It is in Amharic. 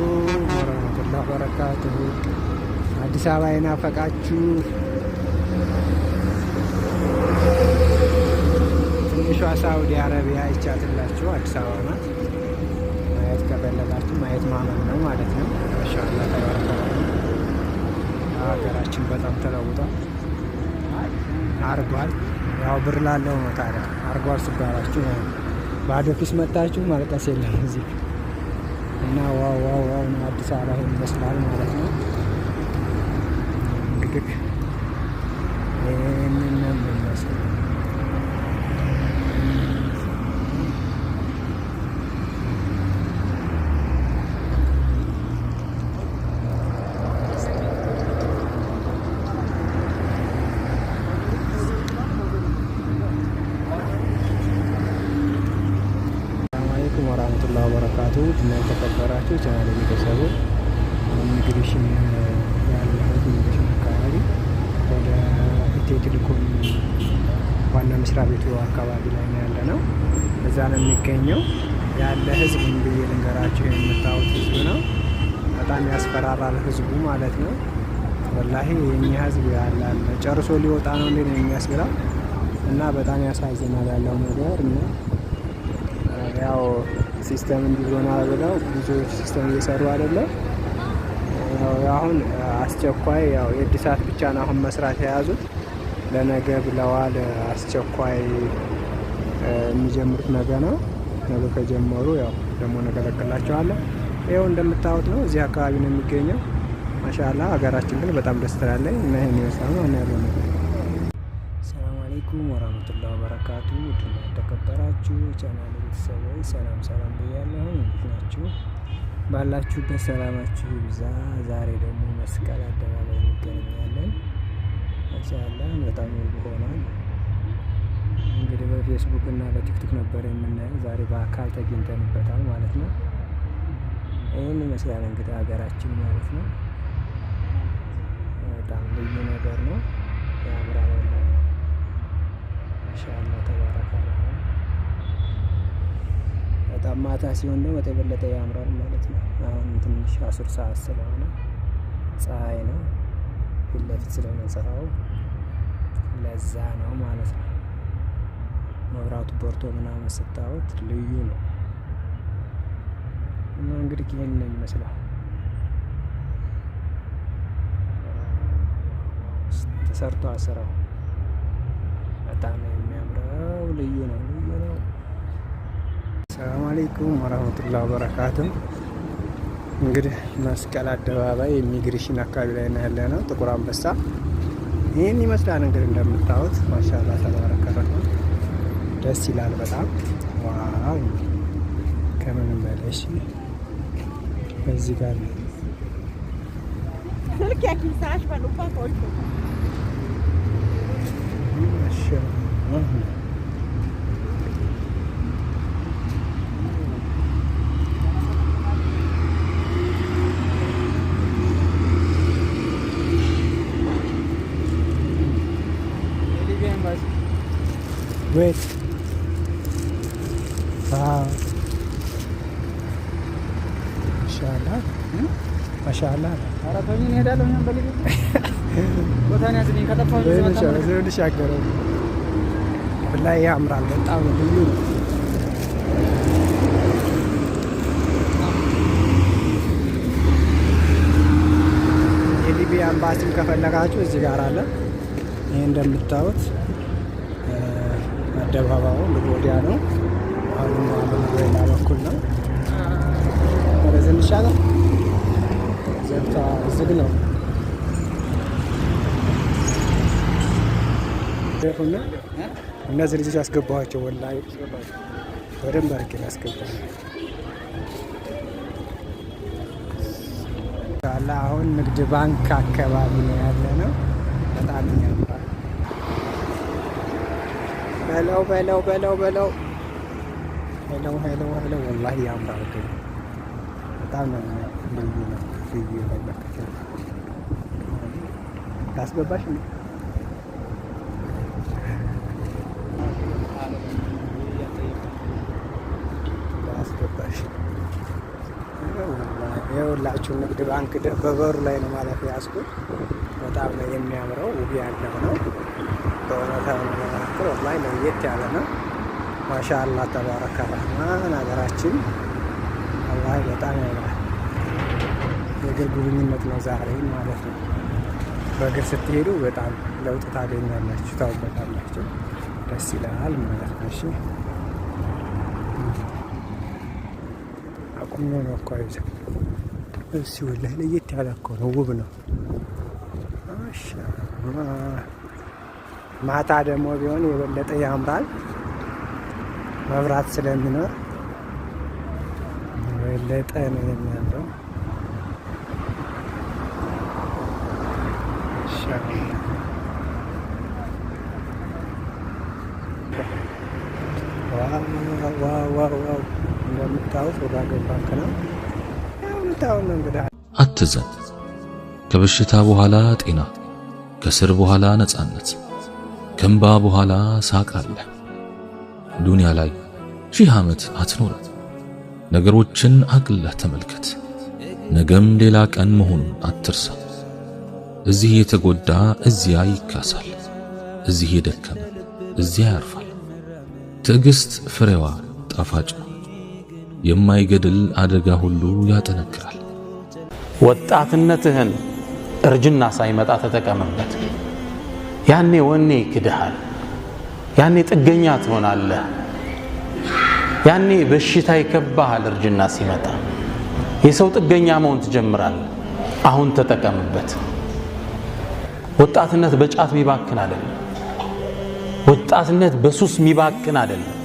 አለይኩም ወረህመቱላህ በረካቱሁ። አዲስ አበባ የናፈቃችሁ ትንሿ ሳውዲ አረቢያ ይቻትላችሁ አዲስ አበባ ናት። ማየት ከፈለጋችሁ ማየት ማመን ነው ማለት ነው። ማሻአላህ ተባረከ። ሀገራችን በጣም ተለውጧል አርጓል። ያው ብር ላለው ነው ታዲያ አርጓል ስባላችሁ ባዶ ኪስ መታችሁ ማልቀስ የለም እዚህ እና ዋው ዋው ዋው አዲስ አበባ ይመስላል ማለት ነው እንግዲህ መስሪያ ቤቱ አካባቢ ላይ ነው ያለ ነው። እዛ ነው የሚገኘው ያለ ህዝብ ብዬ ልንገራቸው የምታዩት ህዝብ ነው። በጣም ያስፈራራል ህዝቡ ማለት ነው። ወላሂ የኛ ህዝብ ያላለ ጨርሶ ሊወጣ ነው እንዴ ነው የሚያስብላል እና በጣም ያሳዝናል ያለው ነገር እና ያው ሲስተም እንዲሆና ብለው ብዙዎች ሲስተም እየሰሩ አይደለም። አሁን አስቸኳይ ያው የእድሳት ብቻ ነው አሁን መስራት የያዙት። ለነገ ብለዋል። አስቸኳይ የሚጀምሩት ነገ ነው። ነገ ከጀመሩ ያው ደግሞ ነገ ለቅላቸዋለሁ። ይኸው እንደምታዩት ነው። እዚህ አካባቢ ነው የሚገኘው። ማሻላ ሀገራችን ግን በጣም ደስ ትላለኝ እና ይህን ይመስላል ነው ያለው ነገር። ሰላም አሌይኩም ወራህመቱላ ወበረካቱ። ውድና የተከበራችሁ ቻናል ቤተሰቦች ሰላም ሰላም ብያለሁ። እንዴት ናችሁ? ባላችሁበት ሰላማችሁ ይብዛ። ዛሬ ደግሞ መስቀል አደባባይ እንገናኛለን። እንቅስቃሴ በጣም ውብ ሆኗል። እንግዲህ በፌስቡክ እና በቲክቶክ ነበር የምናየው፣ ዛሬ በአካል ተገኝተንበታል ማለት ነው። ይህን ይመስላል እንግዲህ ሀገራችን ማለት ነው። በጣም ልዩ ነገር ነው። ያምራል። ማሻአላ ተባረከ። በጣም ማታ ሲሆን ደግሞ የበለጠ ያምራል ማለት ነው። አሁን ትንሽ አስር ሰዓት ስለሆነ ፀሐይ ነው። ፊት ለፊት ስለምንሰራው ለዛ ነው ማለት ነው። መብራቱ በርቶ ምናምን ስታወት ልዩ ነው። እና እንግዲህ ይህን ነው ይመስላል። ተሰርቶ አስራው በጣም የሚያምረው። ልዩ ነው፣ ልዩ ነው። ሰላም አለይኩም ወራህመቱላሂ ወበረካቱሁ እንግዲህ መስቀል አደባባይ ኢሚግሬሽን አካባቢ ላይ ነው ያለ ነው። ጥቁር አንበሳ ይህን ይመስላል። እንግዲህ እንደምታዩት ማሻላ ተባረከረ ነው። ደስ ይላል በጣም ዋው። ከምንም በለሽ እዚህ ጋር ነው ስልክ Great. Wow. ማሻአላ ያምራል በጣም ልዩ ነው። የሊቢያ አምባሲም ከፈለጋችሁ እዚህ ጋር አለ። ይህ እንደምታዩት አደባባዩ እንግዲህ ወዲያ ነው። አሁን በሌላ በኩል ነው ወደዚህ ዘንሻለ ዘብታ ዝግ ነው ሁና እነዚህ ልጆች ያስገባኋቸው ወላሂ በደንብ አድርጌ ያስገባ አሁን ንግድ ባንክ አካባቢ ነው ያለ ነው። በጣም ያምራል። በለው በለው በለው በለው በለው ሄለው ሄለው ወላሂ ያምራል። ግን በጣም ልዩ ነው። ልዩ ነገር ካስገባሽ ነው ካስገባሽ የሁላችሁ ንግድ ባንክ በበሩ ላይ ነው ማለት ያስኩት። በጣም ነው የሚያምረው ውብ ያለው ነው። በእውነት ወላሂ ለየት ያለ ነው። ማሻአላህ ተባረከ ረህማን ሀገራችን አላህ በጣም ያምራል። የእግር ጉብኝነት ነው ዛሬ ማለት ነው። በእግር ስትሄዱ በጣም ለውጥ ታገኛላችሁ፣ ታውበታላችሁ። ደስ ይላል ማለት ነው። እሺ አቁሞ ነው እኮ ይዘ እሱ ወላሂ ለየት ያለ እኮ ነው፣ ውብ ነው። ማሻአላህ ማታ ደግሞ ቢሆን የበለጠ ያምራል መብራት ስለሚኖር የበለጠ ነው የሚያምረው። እንደምታዩት ባንክ ነው። አትዘን ከበሽታ በኋላ ጤና፣ ከስር በኋላ ነፃነት ከእምባ በኋላ ሳቅ አለ። ዱንያ ላይ ሺህ ዓመት አትኖርም። ነገሮችን አቅልለህ ተመልከት። ነገም ሌላ ቀን መሆኑን አትርሳ። እዚህ የተጎዳ እዚያ ይካሳል፣ እዚህ የደከመ እዚያ ያርፋል። ትዕግስት ፍሬዋ ጣፋጭ ነው። የማይገድል አደጋ ሁሉ ያጠነክራል። ወጣትነትህን እርጅና ሳይመጣ ተጠቀምበት። ያኔ ወኔ ይክድሃል። ያኔ ጥገኛ ትሆናለህ። ያኔ በሽታ ይከባሃል። እርጅና ሲመጣ የሰው ጥገኛ መሆን ትጀምራል አሁን ተጠቀምበት። ወጣትነት በጫት የሚባክን አይደለም። ወጣትነት በሱስ የሚባክን አይደለም።